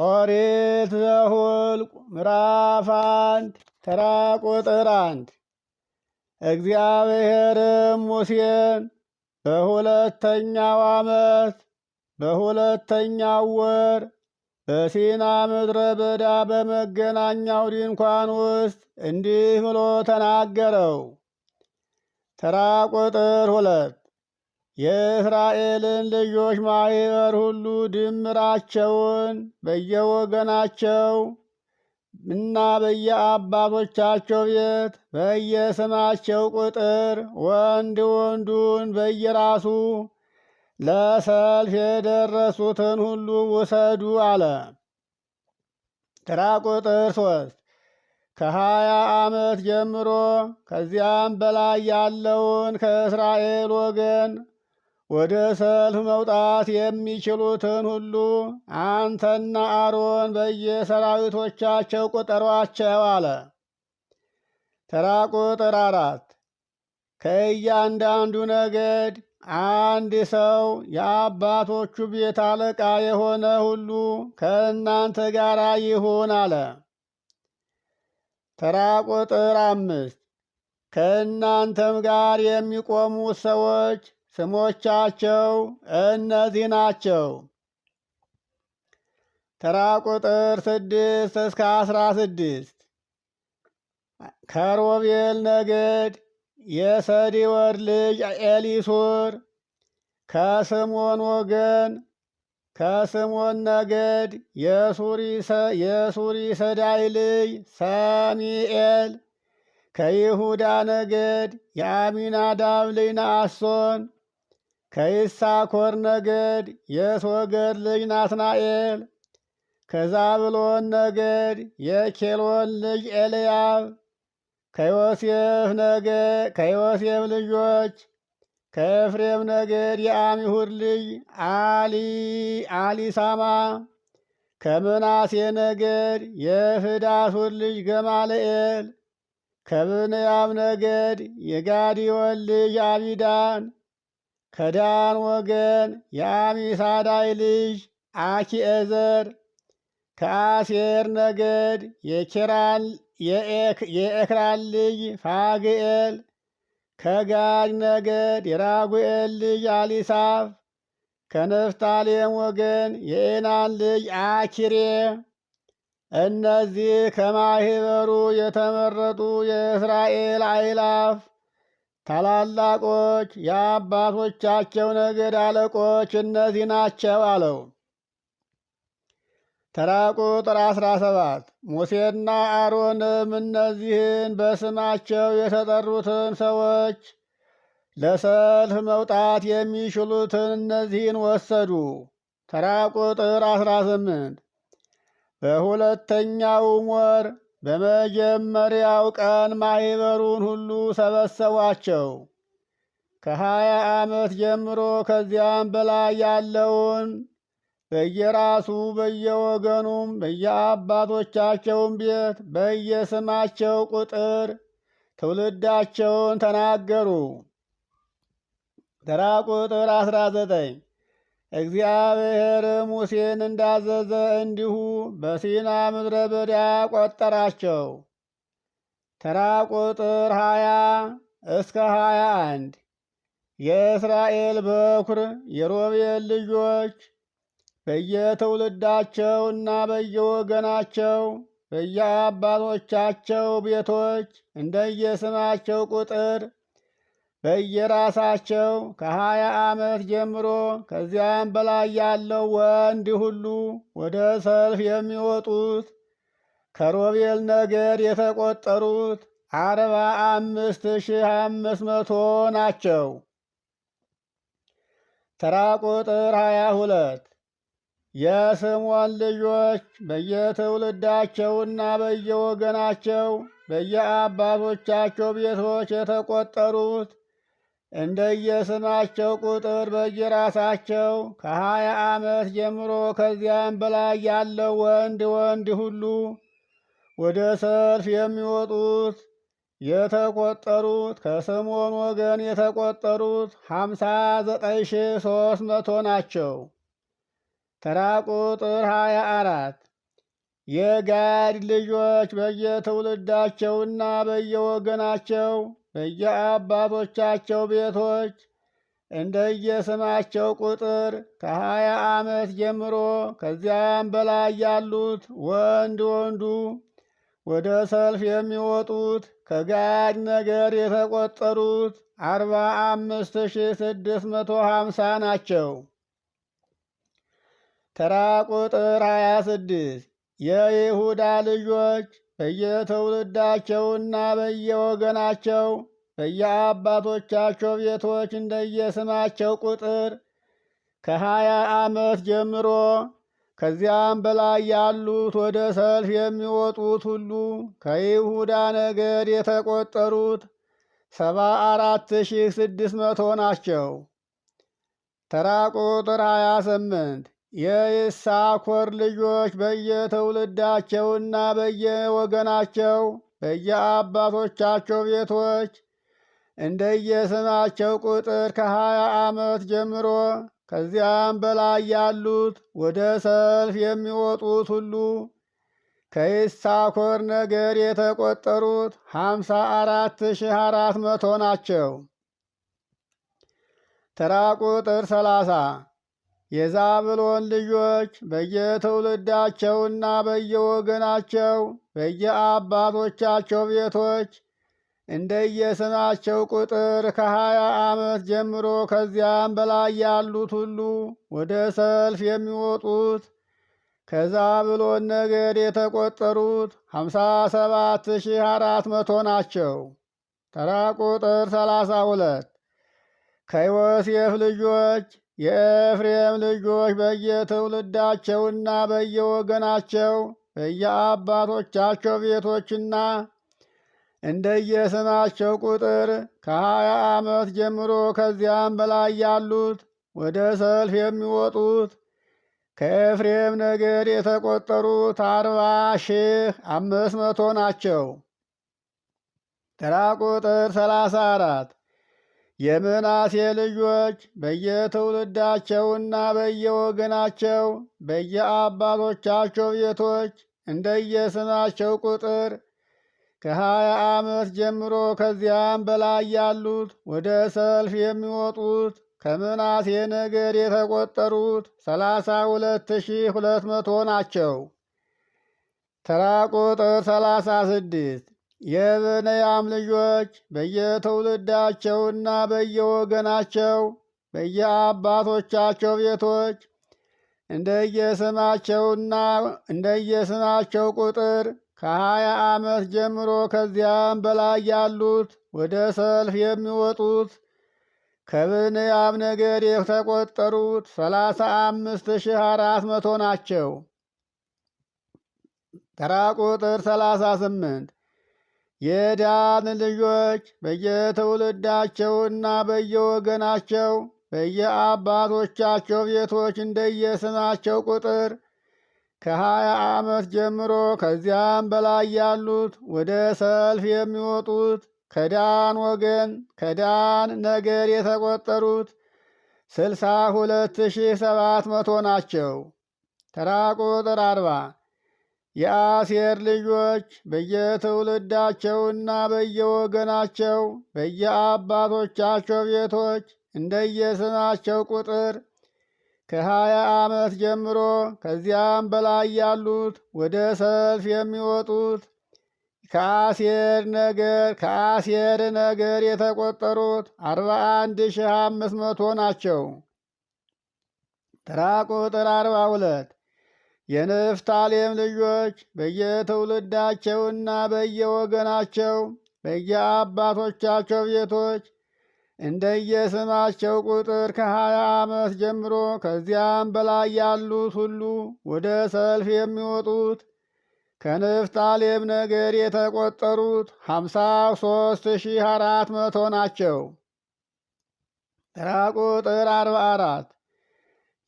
ኦሪት ዘኍልቍ ምዕራፍ አንድ ተራ ቁጥር አንድ እግዚአብሔርም ሙሴን በሁለተኛው ዓመት በሁለተኛው ወር በሲና ምድረ በዳ በመገናኛው ድንኳን ውስጥ እንዲህ ብሎ ተናገረው። ተራ ቁጥር ሁለት የእስራኤልን ልጆች ማኅበር ሁሉ ድምራቸውን በየወገናቸው እና በየአባቶቻቸው ቤት በየስማቸው ቁጥር ወንድ ወንዱን በየራሱ ለሰልፍ የደረሱትን ሁሉ ውሰዱ አለ። ተራ ቁጥር ሶስት ከሀያ ዓመት ጀምሮ ከዚያም በላይ ያለውን ከእስራኤል ወገን ወደ ሰልፍ መውጣት የሚችሉትን ሁሉ አንተና አሮን በየሰራዊቶቻቸው ቁጠሯቸው አለ። ተራ ቁጥር አራት ከእያንዳንዱ ነገድ አንድ ሰው የአባቶቹ ቤት አለቃ የሆነ ሁሉ ከእናንተ ጋር ይሁን አለ። ተራ ቁጥር አምስት ከእናንተም ጋር የሚቆሙት ሰዎች ስሞቻቸው እነዚህ ናቸው። ተራ ቁጥር ስድስት እስከ አስራ ስድስት ከሮቤል ነገድ የሰዲወር ልጅ ኤሊሱር፣ ከስሞን ወገን ከስሞን ነገድ የሱሪ ሰዳይ ልጅ ሰሚኤል፣ ከይሁዳ ነገድ የአሚናዳብ ልጅ ነአሶን ከይሳኮር ነገድ የሶገድ ልጅ ናትናኤል። ከዛብሎን ነገድ የኬሎን ልጅ ኤልያብ። ከዮሴፍ ከዮሴፍ ልጆች ከኤፍሬም ነገድ የአሚሁድ ልጅ አሊ አሊሳማ። ከምናሴ ነገድ የፍዳሱር ልጅ ገማልኤል። ከብንያም ነገድ የጋዲዮን ልጅ አቢዳን ከዳን ወገን የአሚሳዳይ ልጅ አኪኤዘር፣ ከአሴር ነገድ የኤክራን ልጅ ፋግኤል፣ ከጋድ ነገድ የራጉኤል ልጅ አሊሳፍ፣ ከነፍታሌም ወገን የኤናን ልጅ አኪሬ። እነዚህ ከማህበሩ የተመረጡ የእስራኤል አይላፍ ታላላቆች የአባቶቻቸው ነገድ አለቆች እነዚህ ናቸው አለው። ተራ ቁጥር አስራ ሰባት ሙሴና አሮንም እነዚህን በስማቸው የተጠሩትን ሰዎች ለሰልፍ መውጣት የሚችሉትን እነዚህን ወሰዱ። ተራ ቁጥር አስራ ስምንት በሁለተኛውም ወር በመጀመሪያው ቀን ማኅበሩን ሁሉ ሰበሰቧቸው። ከሀያ ዓመት ጀምሮ ከዚያም በላይ ያለውን በየራሱ በየወገኑም በየአባቶቻቸውም ቤት በየስማቸው ቁጥር ትውልዳቸውን ተናገሩ። ተራ ቁጥር አስራ ዘጠኝ እግዚአብሔር ሙሴን እንዳዘዘ እንዲሁ በሲና ምድረ በዳ ቆጠራቸው። ተራ ቁጥር ሀያ እስከ ሀያ አንድ የእስራኤል በኩር የሮቤል ልጆች በየትውልዳቸውና በየወገናቸው በየአባቶቻቸው ቤቶች እንደየስማቸው ቁጥር በየራሳቸው ከሀያ ዓመት ጀምሮ ከዚያም በላይ ያለው ወንድ ሁሉ ወደ ሰልፍ የሚወጡት ከሮቤል ነገድ የተቆጠሩት አርባ አምስት ሺህ አምስት መቶ ናቸው። ተራ ቁጥር ሀያ ሁለት የስምዖን ልጆች በየትውልዳቸውና በየወገናቸው በየአባቶቻቸው ቤቶች የተቆጠሩት እንደየስማቸው ቁጥር በየራሳቸው ከሀያ ዓመት ጀምሮ ከዚያም በላይ ያለው ወንድ ወንድ ሁሉ ወደ ሰልፍ የሚወጡት የተቆጠሩት ከስምዖን ወገን የተቆጠሩት ሀምሳ ዘጠኝ ሺ ሶስት መቶ ናቸው። ተራ ቁጥር ሀያ አራት የጋድ ልጆች በየትውልዳቸውና በየወገናቸው በየአባቶቻቸው ቤቶች እንደየስማቸው ቁጥር ከሀያ ዓመት ጀምሮ ከዚያም በላይ ያሉት ወንድ ወንዱ ወደ ሰልፍ የሚወጡት ከጋድ ነገር የተቆጠሩት አርባ አምስት ሺህ ስድስት መቶ ሀምሳ ናቸው። ተራ ቁጥር ሀያ ስድስት የይሁዳ ልጆች በየትውልዳቸውና በየወገናቸው በየአባቶቻቸው ቤቶች እንደየስማቸው ቁጥር ከሀያ ዓመት ጀምሮ ከዚያም በላይ ያሉት ወደ ሰልፍ የሚወጡት ሁሉ ከይሁዳ ነገድ የተቆጠሩት ሰባ አራት ሺህ ስድስት መቶ ናቸው። ተራ ቁጥር ሀያ ስምንት የይሳኮር ልጆች በየትውልዳቸውና በየወገናቸው በየአባቶቻቸው ቤቶች እንደየስማቸው ቁጥር ከሀያ ዓመት ጀምሮ ከዚያም በላይ ያሉት ወደ ሰልፍ የሚወጡት ሁሉ ከይሳኮር ነገር የተቆጠሩት ሀምሳ አራት ሺህ አራት መቶ ናቸው። ተራ ቁጥር ሰላሳ የዛብሎን ልጆች በየትውልዳቸውና በየወገናቸው በየአባቶቻቸው ቤቶች እንደየስማቸው ቁጥር ከሀያ ዓመት ጀምሮ ከዚያም በላይ ያሉት ሁሉ ወደ ሰልፍ የሚወጡት ከዛብሎን ነገድ የተቆጠሩት ሀምሳ ሰባት ሺህ አራት መቶ ናቸው። ተራ ቁጥር ሰላሳ ሁለት ከዮሴፍ ልጆች የኤፍሬም ልጆች በየትውልዳቸውና በየወገናቸው በየአባቶቻቸው ቤቶችና እንደየስማቸው ቁጥር ከሀያ ዓመት ጀምሮ ከዚያም በላይ ያሉት ወደ ሰልፍ የሚወጡት ከኤፍሬም ነገድ የተቆጠሩት አርባ ሺህ አምስት መቶ ናቸው። ተራ ቁጥር ሰላሳ አራት የምናሴ ልጆች በየትውልዳቸውና በየወገናቸው በየአባቶቻቸው ቤቶች እንደየስማቸው ቁጥር ከሀያ ዓመት ጀምሮ ከዚያም በላይ ያሉት ወደ ሰልፍ የሚወጡት ከምናሴ ነገድ የተቆጠሩት ሰላሳ ሁለት ሺህ ሁለት መቶ ናቸው። ተራ ቁጥር ሰላሳ ስድስት የብንያም ልጆች በየትውልዳቸውና በየወገናቸው በየአባቶቻቸው ቤቶች እንደየስማቸውና እንደየስማቸው ቁጥር ከሀያ ዓመት ጀምሮ ከዚያም በላይ ያሉት ወደ ሰልፍ የሚወጡት ከብንያም ነገድ የተቆጠሩት ሰላሳ አምስት ሺህ አራት መቶ ናቸው። ተራ ቁጥር ሰላሳ ስምንት የዳን ልጆች በየትውልዳቸውና በየወገናቸው በየአባቶቻቸው ቤቶች እንደየስማቸው ቁጥር ከሀያ ዓመት ጀምሮ ከዚያም በላይ ያሉት ወደ ሰልፍ የሚወጡት ከዳን ወገን ከዳን ነገር የተቆጠሩት ስልሳ ሁለት ሺህ ሰባት መቶ ናቸው። ተራ ቁጥር አርባ የአሴር ልጆች በየትውልዳቸውና በየወገናቸው በየአባቶቻቸው ቤቶች እንደየስማቸው ቁጥር ከሀያ ዓመት ጀምሮ ከዚያም በላይ ያሉት ወደ ሰልፍ የሚወጡት ከአሴር ነገር ከአሴር ነገር የተቆጠሩት አርባ አንድ ሺህ አምስት መቶ ናቸው። ተራ ቁጥር አርባ ሁለት የንፍታሌም ልጆች በየትውልዳቸውና በየወገናቸው በየአባቶቻቸው ቤቶች እንደየስማቸው ቁጥር ከሀያ ዓመት ጀምሮ ከዚያም በላይ ያሉት ሁሉ ወደ ሰልፍ የሚወጡት ከንፍታሌም ነገድ የተቆጠሩት ሀምሳ ሶስት ሺህ አራት መቶ ናቸው። ተራ ቁጥር አርባ አራት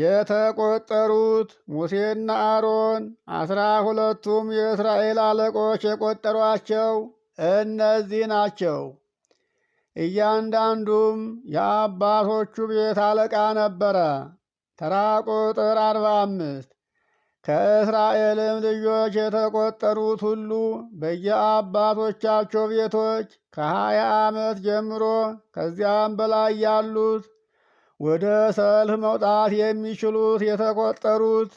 የተቆጠሩት ሙሴና አሮን አስራ ሁለቱም የእስራኤል አለቆች የቆጠሯቸው እነዚህ ናቸው። እያንዳንዱም የአባቶቹ ቤት አለቃ ነበረ። ተራ ቁጥር አርባ አምስት ከእስራኤልም ልጆች የተቆጠሩት ሁሉ በየአባቶቻቸው ቤቶች ከሀያ ዓመት ጀምሮ ከዚያም በላይ ያሉት ወደ ሰልፍ መውጣት የሚችሉት የተቆጠሩት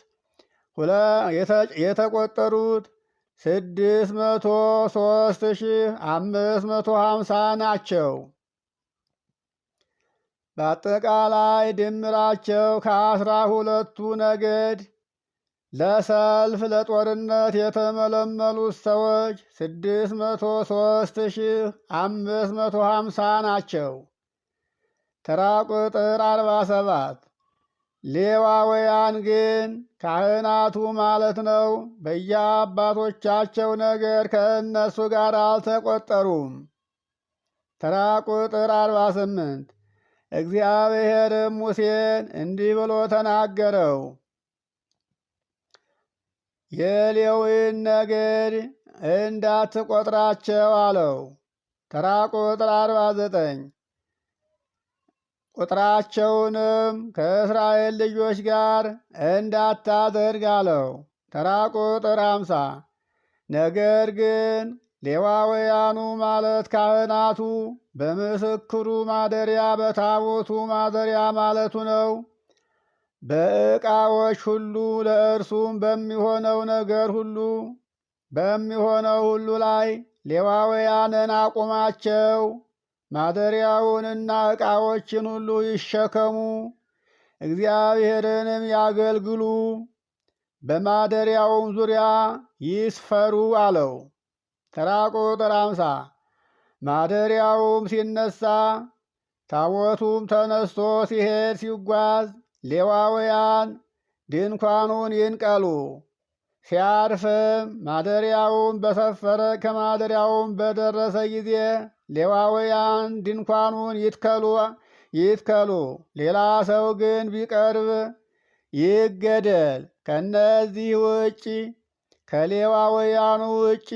የተቆጠሩት ስድስት መቶ ሶስት ሺህ አምስት መቶ ሀምሳ ናቸው። በአጠቃላይ ድምራቸው ከአስራ ሁለቱ ነገድ ለሰልፍ ለጦርነት የተመለመሉት ሰዎች ስድስት መቶ ሶስት ሺህ አምስት መቶ ሀምሳ ናቸው። ተራ ቁጥር አርባ ሰባት ሌዋውያን ግን ካህናቱ ማለት ነው በየአባቶቻቸው ነገር ከእነሱ ጋር አልተቆጠሩም። ተራ ቁጥር አርባ ስምንት እግዚአብሔርም ሙሴን እንዲህ ብሎ ተናገረው የሌዊን ነገድ እንዳትቆጥራቸው አለው። ተራ ቁጥር አርባ ዘጠኝ ቁጥራቸውንም ከእስራኤል ልጆች ጋር እንዳታደርግ አለው። ተራ ቁጥር አምሳ ነገር ግን ሌዋውያኑ ማለት ካህናቱ በምስክሩ ማደሪያ በታቦቱ ማደሪያ ማለቱ ነው። በዕቃዎች ሁሉ ለእርሱም በሚሆነው ነገር ሁሉ በሚሆነው ሁሉ ላይ ሌዋውያንን አቁማቸው ማደሪያውንና ዕቃዎችን ሁሉ ይሸከሙ፣ እግዚአብሔርንም ያገልግሉ፣ በማደሪያውም ዙሪያ ይስፈሩ አለው። ተራ ቁጥር አምሳ ማደሪያውም ሲነሳ ታቦቱም ተነስቶ ሲሄድ ሲጓዝ ሌዋውያን ድንኳኑን ይንቀሉ ሲያርፍም ማደሪያውን በሰፈረ ከማደሪያውን በደረሰ ጊዜ ሌዋውያን ድንኳኑን ይትከሉ ይትከሉ ሌላ ሰው ግን ቢቀርብ ይገደል። ከነዚህ ውጪ ከሌዋውያኑ ውጪ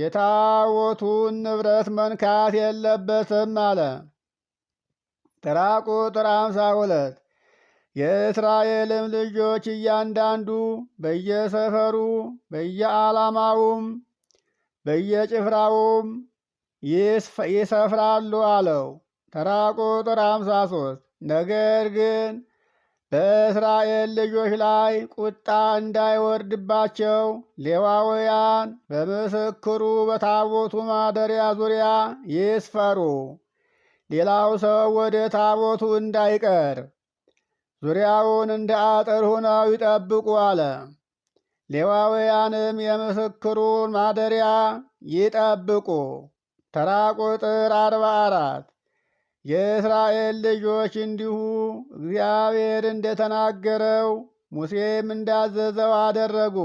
የታቦቱን ንብረት መንካት የለበትም አለ። ተራ ቁጥር አምሳ ሁለት የእስራኤልም ልጆች እያንዳንዱ በየሰፈሩ በየዓላማውም በየጭፍራውም ይሰፍራሉ አለው። ተራ ቁጥር አምሳ ሶስት ነገር ግን በእስራኤል ልጆች ላይ ቁጣ እንዳይወርድባቸው ሌዋውያን በምስክሩ በታቦቱ ማደሪያ ዙሪያ ይስፈሩ፣ ሌላው ሰው ወደ ታቦቱ እንዳይቀር ዙሪያውን እንደ አጥር ሆነው ይጠብቁ አለ። ሌዋውያንም የምስክሩን ማደሪያ ይጠብቁ። ተራ ቁጥር አርባ አራት የእስራኤል ልጆች እንዲሁ እግዚአብሔር እንደተናገረው ሙሴም እንዳዘዘው አደረጉ።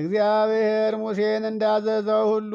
እግዚአብሔር ሙሴን እንዳዘዘው ሁሉ